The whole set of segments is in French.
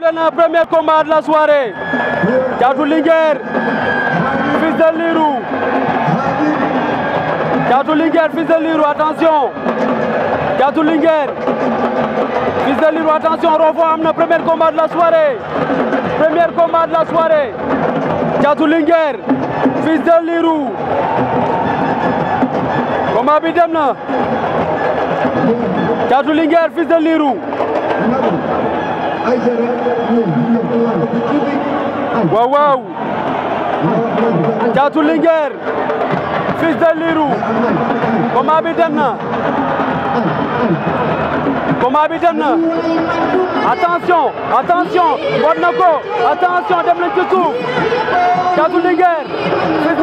premier combat de la soirée Thiatou Linger, fils de Lirou Kadou Linger, fils de Lirou attention Katulinger, Linger, fils de Lirou attention Revois le premier combat de la soirée premier combat de la soirée Thiatou Linger, fils de Lirou Comment bi Katulinger, na fils de Lirou Waouh waouh Linger Fils de Lirou Comment habite t Comment habite t Attention, Attention Attention Attention Attention Tchatou Linger Fils de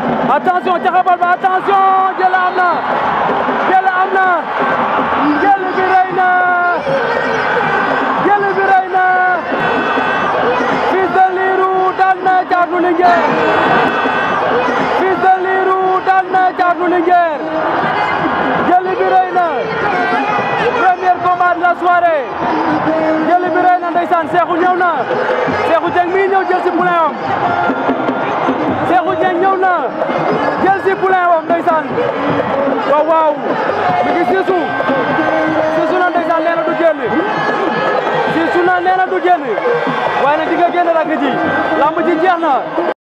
attention caxabal ba attention jël am na jël am na jël bi rëy na jël bi rëy na Fils de Lirou daan na Thiatou Linguère Fils de Lirou daan bi rëy na premier combat la soirée jël bi rëy na ndeysaan Seexu ñëw na Seexu Jeng mi ñëw jël si lépp lay wax ndeysaan waaw mi ngi siisu siisu na ndeysaan nee na du génn siisu na nee du génn waaye nag di nga génn rag ji jeex na